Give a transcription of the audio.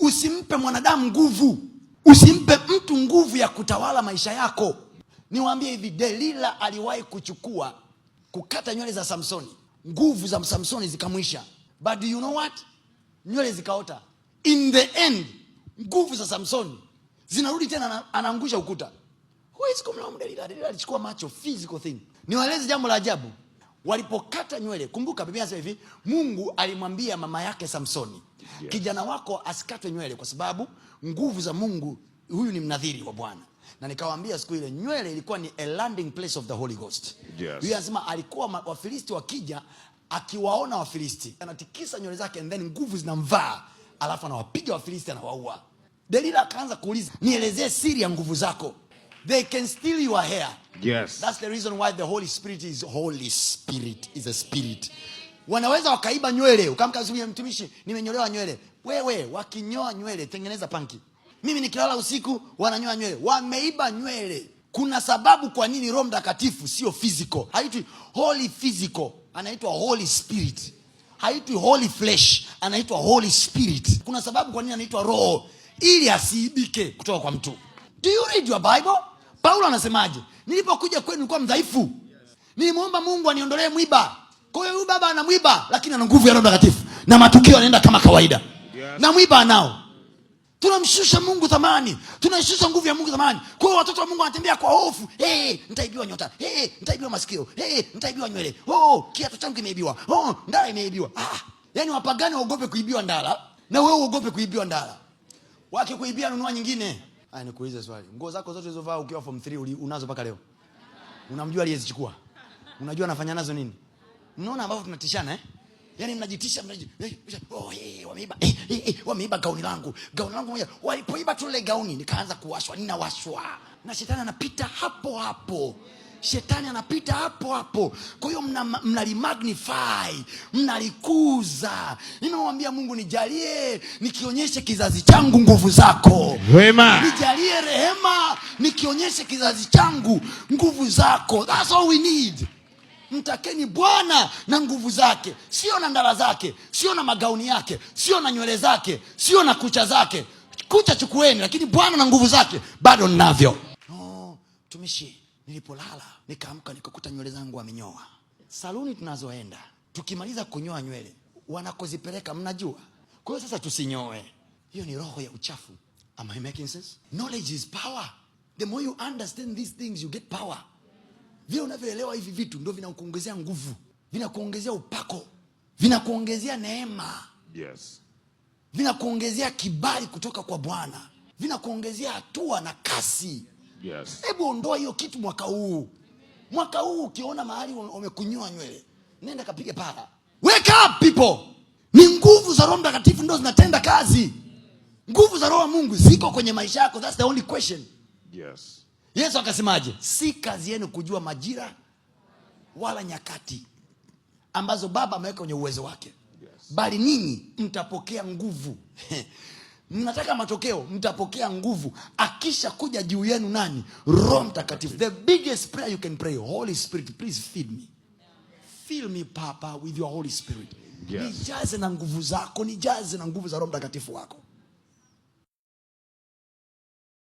Usimpe mwanadamu nguvu, usimpe mtu nguvu ya kutawala maisha yako. Niwaambie hivi, Delila aliwahi kuchukua kukata nywele za Samsoni, nguvu za Samsoni zikamwisha, but you know what, nywele zikaota. In the end, nguvu za Samsoni zinarudi tena, anaangusha ukuta. Huwezi kumlaumu Delila. Delila alichukua macho, physical thing. Niwaeleze jambo la ajabu, walipokata nywele, kumbuka bibia hivi, Mungu alimwambia mama yake Samsoni Kijana wako asikatwe nywele kwa sababu nguvu za Mungu, huyu ni mnadhiri wa Bwana na nikawaambia siku ile nywele ilikuwa ni a landing place of the Holy Ghost. Yes. anasema alikuwa Wafilisti wakija akiwaona Wafilisti anatikisa nywele zake and then nguvu zinamvaa, alafu anawapiga Wafilisti anawaua. Delila akaanza kuuliza, nielezee siri ya nguvu zako. They can steal your hair. Yes. That's the reason why the Holy Spirit is Holy Spirit is a spirit wanaweza wakaiba nywele, ukamka asubuhi, mtumishi, nimenyolewa nywele. Wewe wakinyoa nywele, tengeneza panki. Mimi nikilala usiku, wananyoa nywele, wameiba nywele. Kuna sababu kwa nini Roho Mtakatifu sio physical, haitwi holy physical, anaitwa holy spirit. Haitwi holy flesh, anaitwa holy spirit. Kuna sababu kwa nini anaitwa roho, ili asiibike kutoka kwa mtu. Do you read your Bible? Paulo anasemaje? Nilipokuja kwenu nilikuwa mdhaifu, nilimwomba Mungu aniondolee mwiba kwa hiyo huyu baba anamwiba, lakini ana nguvu ya Roho Mtakatifu na matukio yanaenda kama kawaida na mwiba anao. Tunamshusha Mungu thamani, tunashusha nguvu ya Mungu thamani. Kwa hiyo watoto wa Mungu wanatembea kwa hofu, hey, nitaibiwa nyota, hey, nitaibiwa masikio, hey, nitaibiwa nywele, oh, kiatu changu kimeibiwa, oh, ndala imeibiwa. Ah, yani wapagani waogope kuibiwa ndala, na wewe uogope kuibiwa ndala. kuibia nunua nyingine. Aya, nikuulize swali, nguo zako zote ulizovaa ukiwa form 3 unazo mpaka leo? Unamjua aliyezichukua? Unajua anafanya nazo nini? Mnaona ambavyo tunatishana eh? Yaani mnajitisha mnajitisha, eh, oh, hey, wameiba hey, eh, eh, hey, wameiba gauni langu gauni langu moja. Walipoiba tu ile gauni, nikaanza kuwashwa, ninawashwa na shetani anapita hapo hapo shetani anapita hapo hapo. Kwa hiyo mnalimagnify, mna mnalikuza. Ninamwambia Mungu, nijalie nikionyeshe kizazi changu nguvu zako wema, nijalie rehema nikionyeshe kizazi changu nguvu zako. That's all we need mtakeni Bwana na nguvu zake, sio na ndara zake, sio na magauni yake, sio na nywele zake, sio na kucha zake. Kucha chukueni, lakini Bwana na nguvu zake bado ninavyo. No, tumishi, nilipolala nikaamka nikakuta nywele zangu amenyoa. Saluni tunazoenda tukimaliza kunyoa nywele wanakozipeleka mnajua. Kwa hiyo sasa tusinyoe, hiyo ni roho ya uchafu. Am I making sense? Knowledge is power. The more you understand these things you get power. Vile unavyoelewa hivi vitu ndio vinakuongezea nguvu, vinakuongezea upako, vinakuongezea neema yes. Vinakuongezea kibali kutoka kwa Bwana, vinakuongezea hatua na kasi yes. Hebu ondoa hiyo kitu mwaka huu. Mwaka huu ukiona mahali umekunyoa nywele, nenda kapige para. Wake up people, ni nguvu za Roho Mtakatifu ndio zinatenda kazi. Nguvu za Roho wa Mungu ziko kwenye maisha yako, that's the only question yes. Yesu akasemaje? Si kazi yenu kujua majira wala nyakati ambazo Baba ameweka kwenye uwezo wake, bali ninyi mtapokea nguvu mnataka matokeo, mtapokea nguvu akisha kuja juu yenu nani? Roho Mtakatifu. The biggest prayer you can pray, Holy Spirit please feed me, fill me Papa with your Holy Spirit. Yes. Nijaze na nguvu zako, nijaze na nguvu za Roho Mtakatifu wako.